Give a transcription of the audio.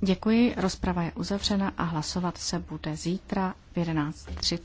Děkuji, rozprava je uzavřena a hlasovat se bude zítra v 11.30.